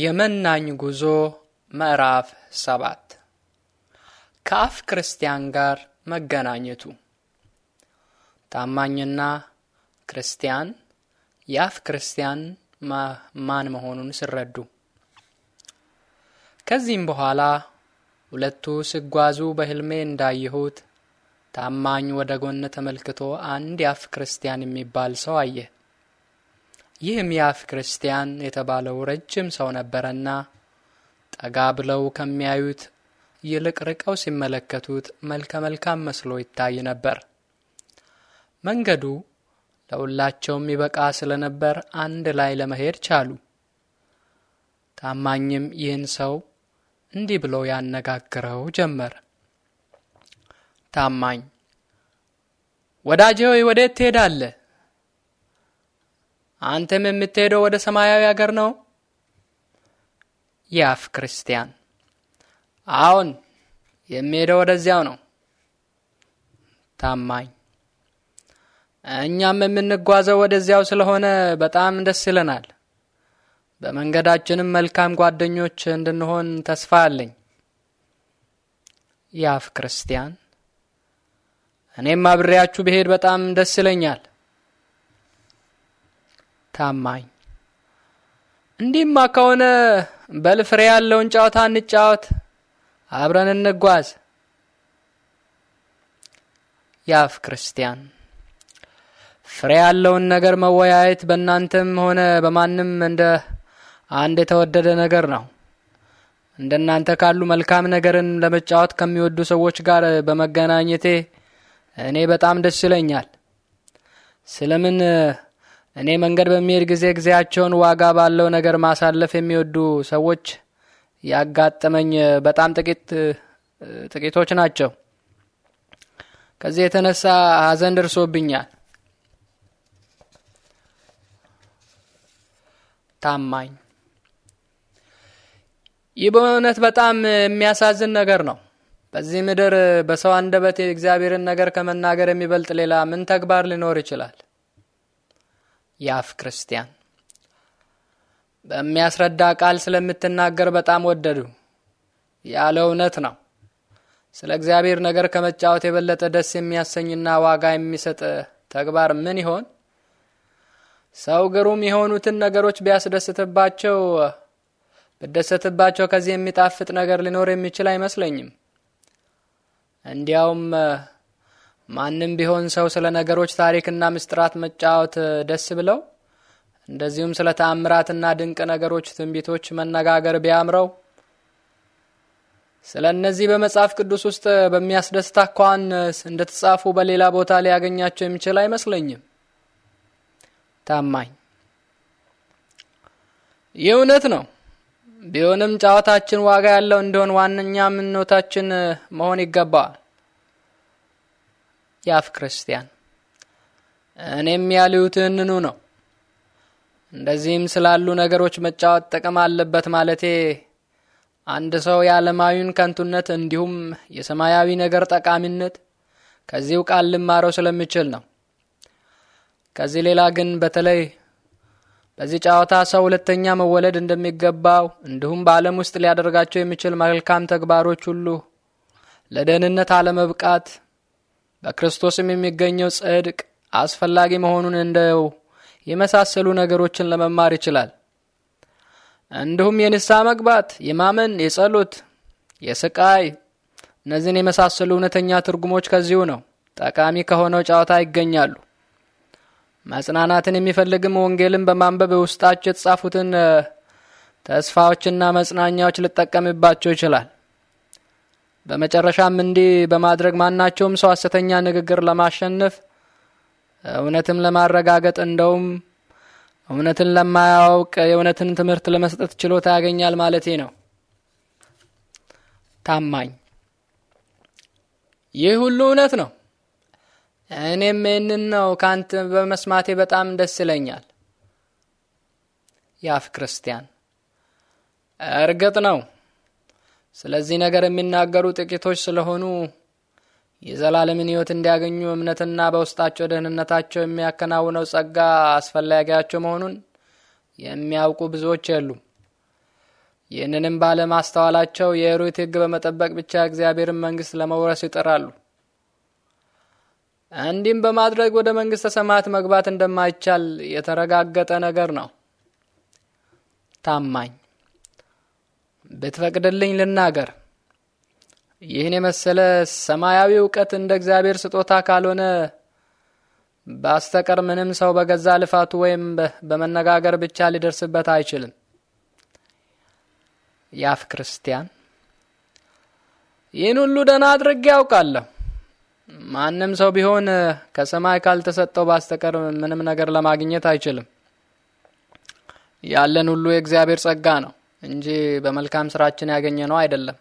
የመናኝ ጉዞ ምዕራፍ ሰባት ከአፍ ክርስቲያን ጋር መገናኘቱ ታማኝና ክርስቲያን የአፍ ክርስቲያን ማን መሆኑን ሲረዱ ከዚህም በኋላ ሁለቱ ሲጓዙ በሕልሜ እንዳየሁት ታማኝ ወደ ጎን ተመልክቶ አንድ የአፍ ክርስቲያን የሚባል ሰው አየ። ይህም ያፍ ክርስቲያን የተባለው ረጅም ሰው ነበረና ጠጋ ብለው ከሚያዩት ይልቅ ርቀው ሲመለከቱት መልከ መልካም መስሎ ይታይ ነበር። መንገዱ ለሁላቸውም ይበቃ ስለነበር አንድ ላይ ለመሄድ ቻሉ። ታማኝም ይህን ሰው እንዲህ ብሎ ያነጋግረው ጀመር። ታማኝ ወዳጄ ሆይ ወዴት ትሄዳለህ? አንተም የምትሄደው ወደ ሰማያዊ አገር ነው? ያፍ ክርስቲያን አሁን የሚሄደው ወደዚያው ነው። ታማኝ እኛም የምንጓዘው ወደዚያው ስለሆነ በጣም ደስ ይለናል። በመንገዳችንም መልካም ጓደኞች እንድንሆን ተስፋ አለኝ። ያፍ ክርስቲያን እኔም አብሬያችሁ ብሄድ በጣም ደስ ይለኛል። ታማኝ እንዲህማ ከሆነ በልፍሬ ያለውን ጨዋታ እንጫወት፣ አብረን እንጓዝ። የአፍ ክርስቲያን ፍሬ ያለውን ነገር መወያየት በእናንተም ሆነ በማንም እንደ አንድ የተወደደ ነገር ነው። እንደ እናንተ ካሉ መልካም ነገርን ለመጫወት ከሚወዱ ሰዎች ጋር በመገናኘቴ እኔ በጣም ደስ ይለኛል። ስለምን እኔ መንገድ በሚሄድ ጊዜ ጊዜያቸውን ዋጋ ባለው ነገር ማሳለፍ የሚወዱ ሰዎች ያጋጠመኝ በጣም ጥቂት ጥቂቶች ናቸው። ከዚህ የተነሳ ሐዘን ደርሶብኛል። ታማኝ ይህ በእውነት በጣም የሚያሳዝን ነገር ነው። በዚህ ምድር በሰው አንደበት የእግዚአብሔርን ነገር ከመናገር የሚበልጥ ሌላ ምን ተግባር ሊኖር ይችላል? የአፍ ክርስቲያን በሚያስረዳ ቃል ስለምትናገር በጣም ወደዱ ያለ እውነት ነው። ስለ እግዚአብሔር ነገር ከመጫወት የበለጠ ደስ የሚያሰኝና ዋጋ የሚሰጥ ተግባር ምን ይሆን? ሰው ግሩም የሆኑትን ነገሮች ቢያስደስትባቸው ብደሰትባቸው ከዚህ የሚጣፍጥ ነገር ሊኖር የሚችል አይመስለኝም። እንዲያውም ማንም ቢሆን ሰው ስለ ነገሮች ታሪክና ምስጢራት መጫወት ደስ ብለው እንደዚሁም ስለ ተአምራትና ድንቅ ነገሮች ትንቢቶች መነጋገር ቢያምረው ስለ እነዚህ በመጽሐፍ ቅዱስ ውስጥ በሚያስደስት አኳን እንደተጻፉ በሌላ ቦታ ሊያገኛቸው የሚችል አይመስለኝም። ታማኝ ይህ እውነት ነው። ቢሆንም ጨዋታችን ዋጋ ያለው እንደሆን ዋነኛ ምኞታችን መሆን ይገባዋል። የአፍ ክርስቲያን እኔም ያሉት እንኑ ነው። እንደዚህም ስላሉ ነገሮች መጫወት ጥቅም አለበት ማለቴ አንድ ሰው የዓለማዊውን ከንቱነት እንዲሁም የሰማያዊ ነገር ጠቃሚነት ከዚሁ ቃል ልማረው ስለሚችል ነው። ከዚህ ሌላ ግን በተለይ በዚህ ጨዋታ ሰው ሁለተኛ መወለድ እንደሚገባው እንዲሁም በዓለም ውስጥ ሊያደርጋቸው የሚችል መልካም ተግባሮች ሁሉ ለደህንነት አለመብቃት በክርስቶስም የሚገኘው ጽድቅ አስፈላጊ መሆኑን እንደው የመሳሰሉ ነገሮችን ለመማር ይችላል። እንዲሁም የንስሐ መግባት፣ የማመን፣ የጸሎት፣ የስቃይ እነዚህን የመሳሰሉ እውነተኛ ትርጉሞች ከዚሁ ነው ጠቃሚ ከሆነው ጨዋታ ይገኛሉ። መጽናናትን የሚፈልግም ወንጌልን በማንበብ ውስጣቸው የተጻፉትን ተስፋዎችና መጽናኛዎች ሊጠቀምባቸው ይችላል። በመጨረሻም እንዲህ በማድረግ ማናቸውም ሰው ሐሰተኛ ንግግር ለማሸነፍ እውነትም ለማረጋገጥ እንደውም እውነትን ለማያውቅ የእውነትን ትምህርት ለመስጠት ችሎታ ያገኛል ማለቴ ነው። ታማኝ ይህ ሁሉ እውነት ነው። እኔም ይህንን ነው ከአንተ በመስማቴ በጣም ደስ ይለኛል። የአፍ ክርስቲያን እርግጥ ነው ስለዚህ ነገር የሚናገሩ ጥቂቶች ስለሆኑ የዘላለምን ሕይወት እንዲያገኙ እምነትና በውስጣቸው ደህንነታቸው የሚያከናውነው ጸጋ አስፈላጊያቸው መሆኑን የሚያውቁ ብዙዎች የሉም። ይህንንም ባለማስተዋላቸው የሩት ሕግ በመጠበቅ ብቻ እግዚአብሔርን መንግሥት ለመውረስ ይጠራሉ። እንዲህም በማድረግ ወደ መንግሥተ ሰማያት መግባት እንደማይቻል የተረጋገጠ ነገር ነው። ታማኝ ብትፈቅድልኝ ልናገር። ይህን የመሰለ ሰማያዊ እውቀት እንደ እግዚአብሔር ስጦታ ካልሆነ በስተቀር ምንም ሰው በገዛ ልፋቱ ወይም በመነጋገር ብቻ ሊደርስበት አይችልም። ያፍ ክርስቲያን ይህን ሁሉ ደህና አድርጌ ያውቃለሁ። ማንም ሰው ቢሆን ከሰማይ ካልተሰጠው በስተቀር ምንም ነገር ለማግኘት አይችልም። ያለን ሁሉ የእግዚአብሔር ጸጋ ነው። እንጂ በመልካም ስራችን ያገኘ ነው አይደለም።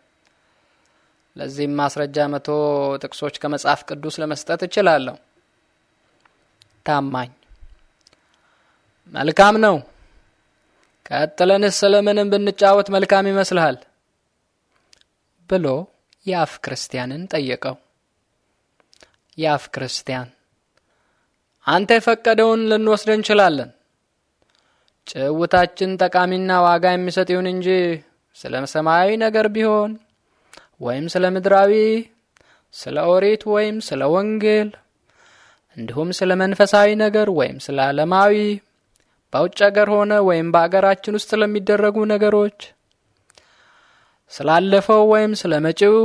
ለዚህም ማስረጃ መቶ ጥቅሶች ከመጽሐፍ ቅዱስ ለመስጠት እችላለሁ። ታማኝ መልካም ነው። ቀጥለንስ ስለምንም ብንጫወት መልካም ይመስልሃል ብሎ የአፍ ክርስቲያንን ጠየቀው። የአፍ ክርስቲያን አንተ የፈቀደውን ልንወስድ እንችላለን ጭውታችን ጠቃሚና ዋጋ የሚሰጥ ይሁን እንጂ ስለ ሰማያዊ ነገር ቢሆን ወይም ስለ ምድራዊ፣ ስለ ኦሪት ወይም ስለ ወንጌል እንዲሁም ስለ መንፈሳዊ ነገር ወይም ስለ ዓለማዊ በውጭ አገር ሆነ ወይም በአገራችን ውስጥ ስለሚደረጉ ነገሮች ስላለፈው ወይም ስለ መጪው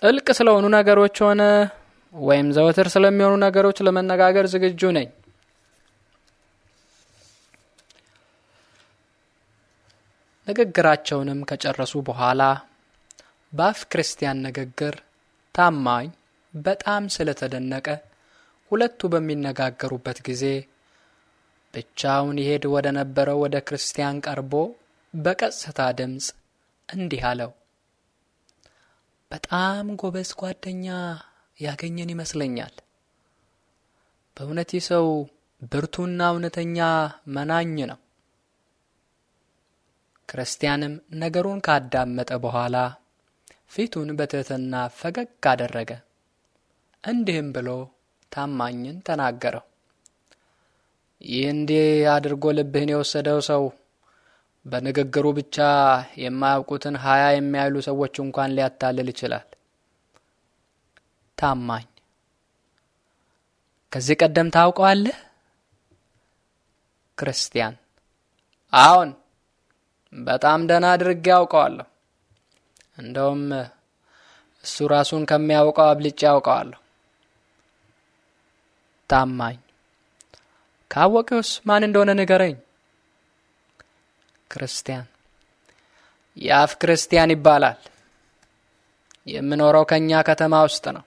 ጥልቅ ስለሆኑ ነገሮች ሆነ ወይም ዘወትር ስለሚሆኑ ነገሮች ለመነጋገር ዝግጁ ነኝ። ንግግራቸውንም ከጨረሱ በኋላ በአፍ ክርስቲያን ንግግር ታማኝ በጣም ስለተደነቀ ሁለቱ በሚነጋገሩበት ጊዜ ብቻውን ይሄድ ወደ ነበረው ወደ ክርስቲያን ቀርቦ በቀስታ ድምፅ እንዲህ አለው፣ በጣም ጎበዝ ጓደኛ ያገኘን ይመስለኛል። በእውነት ይህ ሰው ብርቱና እውነተኛ መናኝ ነው። ክርስቲያንም ነገሩን ካዳመጠ በኋላ ፊቱን በትህትና ፈገግ አደረገ። እንዲህም ብሎ ታማኝን ተናገረው። ይህ እንዲህ አድርጎ ልብህን የወሰደው ሰው በንግግሩ ብቻ የማያውቁትን ሀያ የሚያሉ ሰዎች እንኳን ሊያታልል ይችላል። ታማኝ ከዚህ ቀደም ታውቀዋለህ? ክርስቲያን አሁን በጣም ደህና አድርጌ ያውቀዋለሁ። እንደውም እሱ ራሱን ከሚያውቀው አብልጬ ያውቀዋለሁ። ታማኝ ካወቀውስ ማን እንደሆነ ንገረኝ። ክርስቲያን የአፍ ክርስቲያን ይባላል። የምኖረው ከእኛ ከተማ ውስጥ ነው።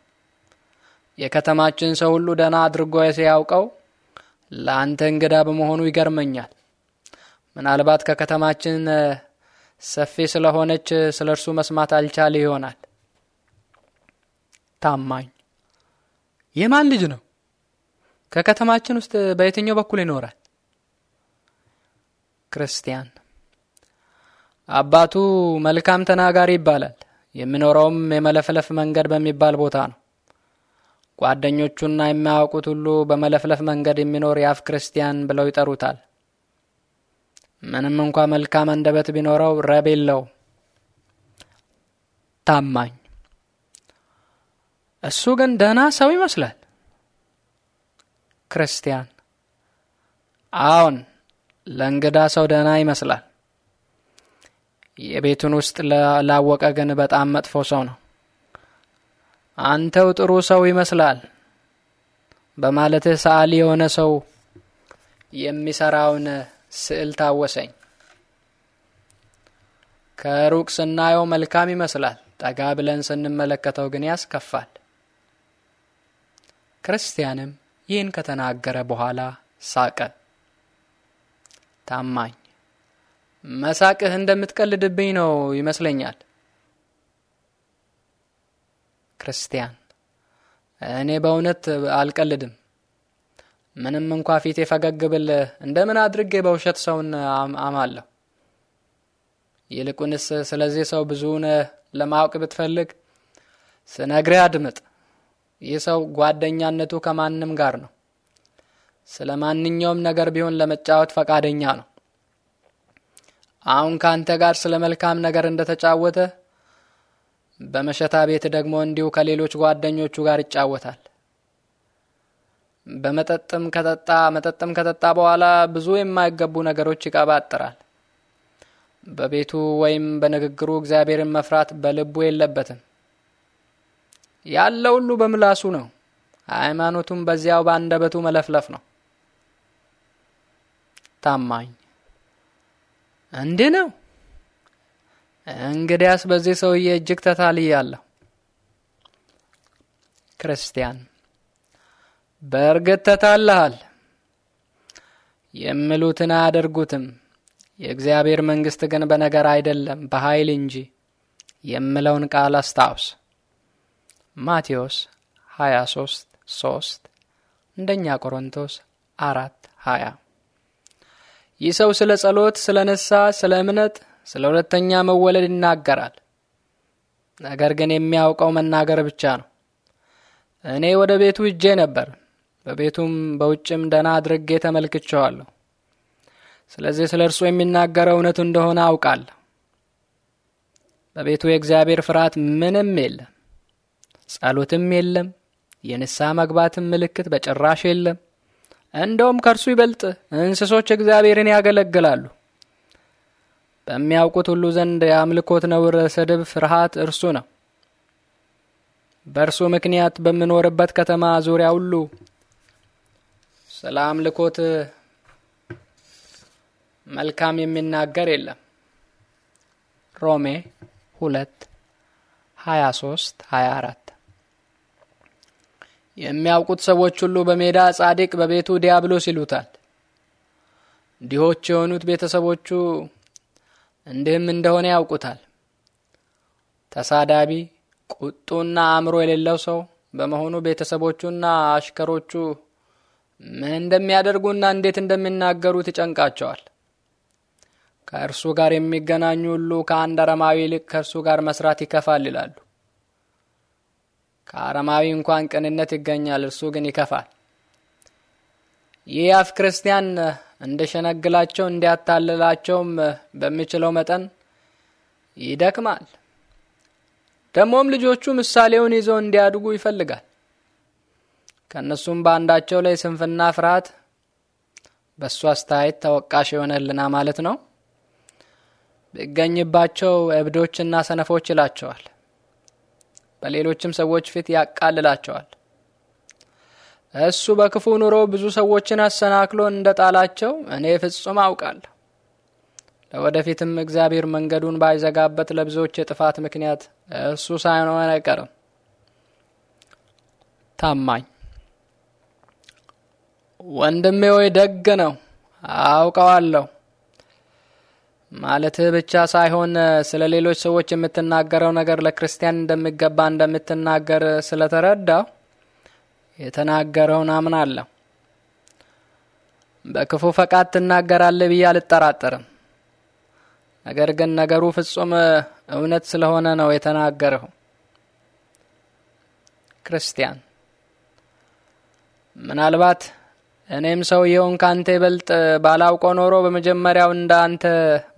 የከተማችን ሰው ሁሉ ደህና አድርጎ ሲያውቀው ለአንተ እንግዳ በመሆኑ ይገርመኛል። ምናልባት ከከተማችን ሰፊ ስለሆነች ስለ እርሱ መስማት አልቻለ ይሆናል። ታማኝ የማን ልጅ ነው? ከከተማችን ውስጥ በየትኛው በኩል ይኖራል? ክርስቲያን አባቱ መልካም ተናጋሪ ይባላል። የሚኖረውም የመለፍለፍ መንገድ በሚባል ቦታ ነው። ጓደኞቹና የሚያውቁት ሁሉ በመለፍለፍ መንገድ የሚኖር የአፍ ክርስቲያን ብለው ይጠሩታል። ምንም እንኳ መልካም አንደበት ቢኖረው ረብ የለው። ታማኝ እሱ ግን ደህና ሰው ይመስላል። ክርስቲያን አሁን ለእንግዳ ሰው ደህና ይመስላል። የቤቱን ውስጥ ላወቀ ግን በጣም መጥፎ ሰው ነው። አንተው ጥሩ ሰው ይመስላል በማለትህ ሰዓሊ የሆነ ሰው የሚሰራውን ስዕል ታወሰኝ። ከሩቅ ስናየው መልካም ይመስላል፣ ጠጋ ብለን ስንመለከተው ግን ያስከፋል። ክርስቲያንም ይህን ከተናገረ በኋላ ሳቀ። ታማኝ መሳቅህ እንደምትቀልድብኝ ነው ይመስለኛል። ክርስቲያን እኔ በእውነት አልቀልድም። ምንም እንኳ ፊቴ ፈገግ ብል እንደምን አድርጌ በውሸት ሰውን አማለሁ? ይልቁንስ ስለዚህ ሰው ብዙውን ለማወቅ ብትፈልግ ስነግርህ አድምጥ። ይህ ሰው ጓደኛነቱ ከማንም ጋር ነው። ስለ ማንኛውም ነገር ቢሆን ለመጫወት ፈቃደኛ ነው። አሁን ከአንተ ጋር ስለ መልካም ነገር እንደተጫወተ በመሸታ ቤት ደግሞ እንዲሁ ከሌሎች ጓደኞቹ ጋር ይጫወታል። በመጠጥም ከጠጣ መጠጥም ከጠጣ በኋላ ብዙ የማይገቡ ነገሮች ይቀባጥራል። በቤቱ ወይም በንግግሩ እግዚአብሔርን መፍራት በልቡ የለበትም። ያለ ሁሉ በምላሱ ነው፣ ሃይማኖቱም በዚያው በአንደበቱ መለፍለፍ ነው። ታማኝ እንዲህ ነው። እንግዲያስ በዚህ ሰውዬ እጅግ ተታልያለሁ። ክርስቲያን በእርግጥ ተታለሃል። የሚሉትን አያደርጉትም። የእግዚአብሔር መንግሥት ግን በነገር አይደለም በኃይል እንጂ የምለውን ቃል አስታውስ። ማቴዎስ 23 3 እንደኛ ቆሮንቶስ 4 20 ይህ ሰው ስለ ጸሎት፣ ስለ ንስሐ፣ ስለ እምነት፣ ስለ ሁለተኛ መወለድ ይናገራል። ነገር ግን የሚያውቀው መናገር ብቻ ነው። እኔ ወደ ቤቱ እጄ ነበር በቤቱም በውጭም ደህና አድርጌ ተመልክቸዋለሁ። ስለዚህ ስለ እርሱ የሚናገረው እውነቱ እንደሆነ አውቃለሁ። በቤቱ የእግዚአብሔር ፍርሃት ምንም የለም፣ ጸሎትም የለም፣ የንስሐ መግባትም ምልክት በጭራሽ የለም። እንደውም ከእርሱ ይበልጥ እንስሶች እግዚአብሔርን ያገለግላሉ። በሚያውቁት ሁሉ ዘንድ የአምልኮት ነውር፣ ስድብ፣ ፍርሃት እርሱ ነው። በእርሱ ምክንያት በምኖርበት ከተማ ዙሪያ ሁሉ ስለ አምልኮት መልካም የሚናገር የለም። ሮሜ ሁለት ሀያ ሶስት ሀያ አራት የሚያውቁት ሰዎች ሁሉ በሜዳ ጻድቅ በቤቱ ዲያብሎስ ይሉታል። ድሆች የሆኑት ቤተሰቦቹ እንዲህም እንደሆነ ያውቁታል። ተሳዳቢ ቁጡና አእምሮ የሌለው ሰው በመሆኑ ቤተሰቦቹና አሽከሮቹ ምን እንደሚያደርጉና እንዴት እንደሚናገሩት ይጨንቃቸዋል። ከእርሱ ጋር የሚገናኙ ሁሉ ከአንድ አረማዊ ይልቅ ከእርሱ ጋር መስራት ይከፋል ይላሉ። ከአረማዊ እንኳን ቅንነት ይገኛል፣ እርሱ ግን ይከፋል። ይህ አፍ ክርስቲያን እንደሸነግላቸው እንዲያታልላቸውም በሚችለው መጠን ይደክማል። ደግሞም ልጆቹ ምሳሌውን ይዘው እንዲያድጉ ይፈልጋል። ከእነሱም በአንዳቸው ላይ ስንፍና ፍርሃት በእሱ አስተያየት ተወቃሽ የሆነልና ማለት ነው ቢገኝባቸው እብዶችና ሰነፎች ይላቸዋል። በሌሎችም ሰዎች ፊት ያቃልላቸዋል። እሱ በክፉ ኑሮ ብዙ ሰዎችን አሰናክሎ እንደ ጣላቸው እኔ ፍጹም አውቃለሁ። ለወደፊትም እግዚአብሔር መንገዱን ባይዘጋበት ለብዙዎች የጥፋት ምክንያት እሱ ሳይሆን አይቀርም። ታማኝ ወንድሜ ወይ ደግ ነው አውቀዋለሁ ማለትህ ብቻ ሳይሆን ስለ ሌሎች ሰዎች የምትናገረው ነገር ለክርስቲያን እንደሚገባ እንደምትናገር ስለተረዳው የተናገረውን አምናለሁ። በክፉ ፈቃድ ትናገራለህ ብዬ አልጠራጠርም። ነገር ግን ነገሩ ፍጹም እውነት ስለሆነ ነው የተናገረው። ክርስቲያን ምናልባት እኔም ሰውየውን ካንተ ይበልጥ ባላውቆ ኖሮ በመጀመሪያው እንዳንተ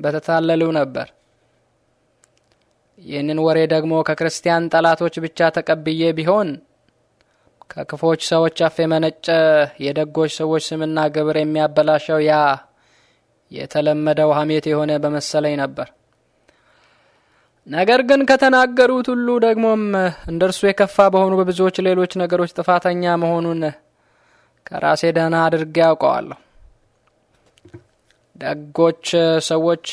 በተታለሉ ነበር። ይህንን ወሬ ደግሞ ከክርስቲያን ጠላቶች ብቻ ተቀብዬ ቢሆን ከክፎች ሰዎች አፍ የመነጨ የደጎች ሰዎች ስምና ግብር የሚያበላሸው ያ የተለመደው ሐሜት የሆነ በመሰለኝ ነበር። ነገር ግን ከተናገሩት ሁሉ ደግሞም እንደ እርሱ የከፋ በሆኑ በብዙዎች ሌሎች ነገሮች ጥፋተኛ መሆኑን ከራሴ ደህና አድርጌ ያውቀዋለሁ። ደጎች ሰዎች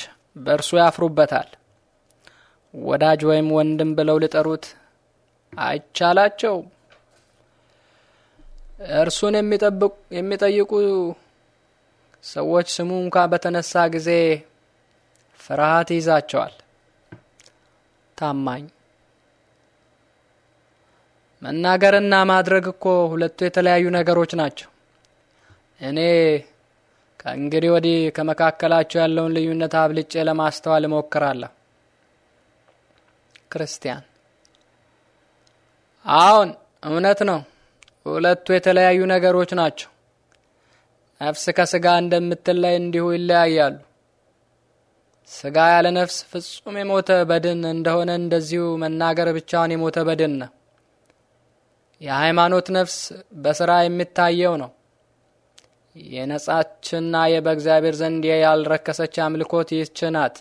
በእርሱ ያፍሩበታል። ወዳጅ ወይም ወንድም ብለው ሊጠሩት አይቻላቸውም። እርሱን የሚጠይቁ ሰዎች ስሙ እንኳ በተነሳ ጊዜ ፍርሃት ይዛቸዋል ታማኝ መናገርና ማድረግ እኮ ሁለቱ የተለያዩ ነገሮች ናቸው። እኔ ከእንግዲህ ወዲህ ከመካከላቸው ያለውን ልዩነት አብልጬ ለማስተዋል እሞክራለሁ። ክርስቲያን አሁን እውነት ነው። ሁለቱ የተለያዩ ነገሮች ናቸው። ነፍስ ከስጋ እንደምትለይ እንዲሁ ይለያያሉ። ስጋ ያለ ነፍስ ፍጹም የሞተ በድን እንደሆነ እንደዚሁ መናገር ብቻውን የሞተ በድን ነው። የሃይማኖት ነፍስ በሥራ የሚታየው ነው። የነጻችና የበእግዚአብሔር ዘንድ ያልረከሰች አምልኮት ይህች ናት።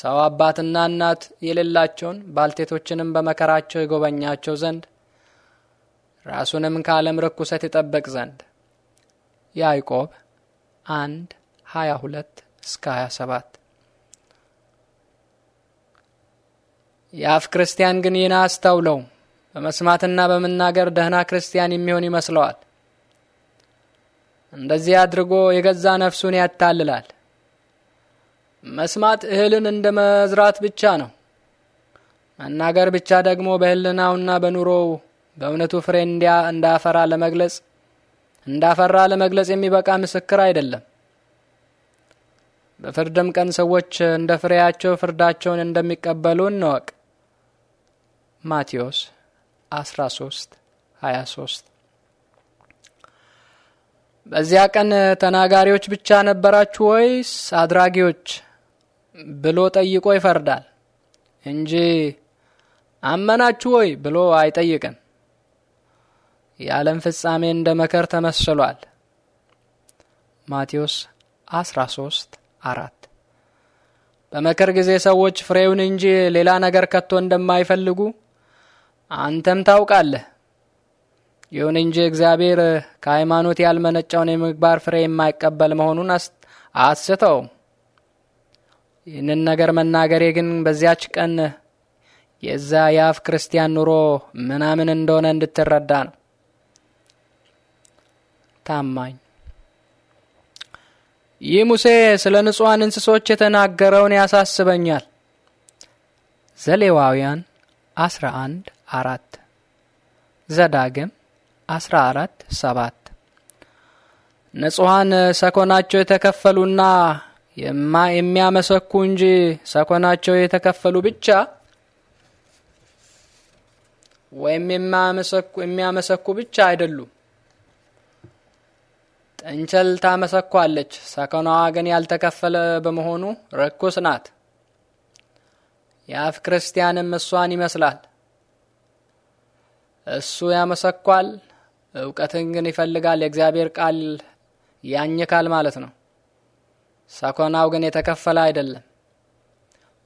ሰው አባትና እናት የሌላቸውን ባልቴቶችንም በመከራቸው የጎበኛቸው ዘንድ ራሱንም ከዓለም ርኩሰት ይጠበቅ ዘንድ ያዕቆብ አንድ ሀያ ሁለት እስከ ሀያ ሰባት የአፍ ክርስቲያን ግን ይህን አስተውለውም። በመስማትና በመናገር ደህና ክርስቲያን የሚሆን ይመስለዋል። እንደዚህ አድርጎ የገዛ ነፍሱን ያታልላል። መስማት እህልን እንደ መዝራት ብቻ ነው። መናገር ብቻ ደግሞ በህልናውና በኑሮው በእውነቱ ፍሬ እንዳፈራ ለመግለጽ እንዳፈራ ለመግለጽ የሚበቃ ምስክር አይደለም። በፍርድም ቀን ሰዎች እንደ ፍሬያቸው ፍርዳቸውን እንደሚቀበሉ እንወቅ። ማቴዎስ አስራ ሶስት ሀያ ሶስት በዚያ ቀን ተናጋሪዎች ብቻ ነበራችሁ ወይስ አድራጊዎች ብሎ ጠይቆ ይፈርዳል እንጂ አመናችሁ ወይ ብሎ አይጠይቅም። የዓለም ፍጻሜ እንደ መከር ተመስሏል። ማቴዎስ 13 አራት በመከር ጊዜ ሰዎች ፍሬውን እንጂ ሌላ ነገር ከቶ እንደማይፈልጉ አንተም ታውቃለህ። ይሁን እንጂ እግዚአብሔር ከሃይማኖት ያልመነጫውን የምግባር ፍሬ የማይቀበል መሆኑን አስተውም። ይህንን ነገር መናገሬ ግን በዚያች ቀን የዛ የአፍ ክርስቲያን ኑሮ ምናምን እንደሆነ እንድትረዳ ነው። ታማኝ ይህ ሙሴ ስለ ንጹሐን እንስሶች የተናገረውን ያሳስበኛል። ዘሌዋውያን 11 አራት ዘዳግም አስራ አራት ሰባት ንጹሐን ሰኮናቸው የተከፈሉና የሚያመሰኩ እንጂ ሰኮናቸው የተከፈሉ ብቻ ወይም የሚያመሰኩ ብቻ አይደሉም። ጥንቸል ታመሰኳለች፣ ሰኮናዋ ግን ያልተከፈለ በመሆኑ ርኩስ ናት። የአፍ ክርስቲያንም እሷን ይመስላል። እሱ ያመሰኳል፣ እውቀትን ግን ይፈልጋል። የእግዚአብሔር ቃል ያኝካል ማለት ነው። ሰኮናው ግን የተከፈለ አይደለም።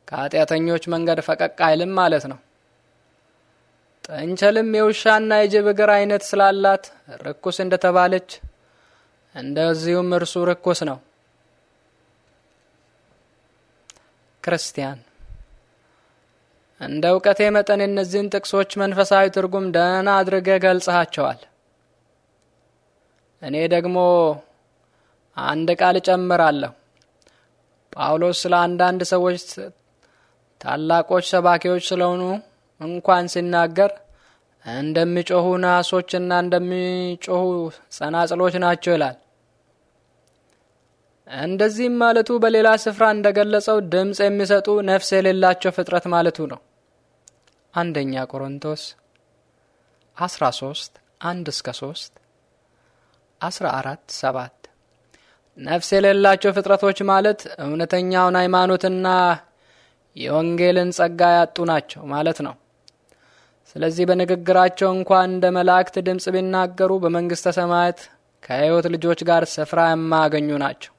ከኃጢአተኞች መንገድ ፈቀቅ አይልም ማለት ነው። ጥንቸልም የውሻና የጅብ እግር አይነት ስላላት ርኩስ እንደተባለች እንደዚሁም እርሱ ርኩስ ነው። ክርስቲያን እንደ እውቀቴ መጠን የእነዚህን ጥቅሶች መንፈሳዊ ትርጉም ደህና አድርገ ገልጸሃቸዋል። እኔ ደግሞ አንድ ቃል እጨምራለሁ። ጳውሎስ ስለ አንዳንድ ሰዎች ታላቆች ሰባኪዎች ስለሆኑ እንኳን ሲናገር እንደሚጮኹ ናሶችና እንደሚጮኹ ጸናጽሎች ናቸው ይላል። እንደዚህም ማለቱ በሌላ ስፍራ እንደገለጸው ድምፅ የሚሰጡ ነፍስ የሌላቸው ፍጥረት ማለቱ ነው። አንደኛ ቆሮንቶስ 13 1 እስከ 3 14 7 ነፍስ የሌላቸው ፍጥረቶች ማለት እውነተኛውን ሃይማኖትና የወንጌልን ጸጋ ያጡ ናቸው ማለት ነው። ስለዚህ በንግግራቸው እንኳን እንደ መላእክት ድምፅ ቢናገሩ በመንግሥተ ሰማያት ከሕይወት ልጆች ጋር ስፍራ የማያገኙ ናቸው።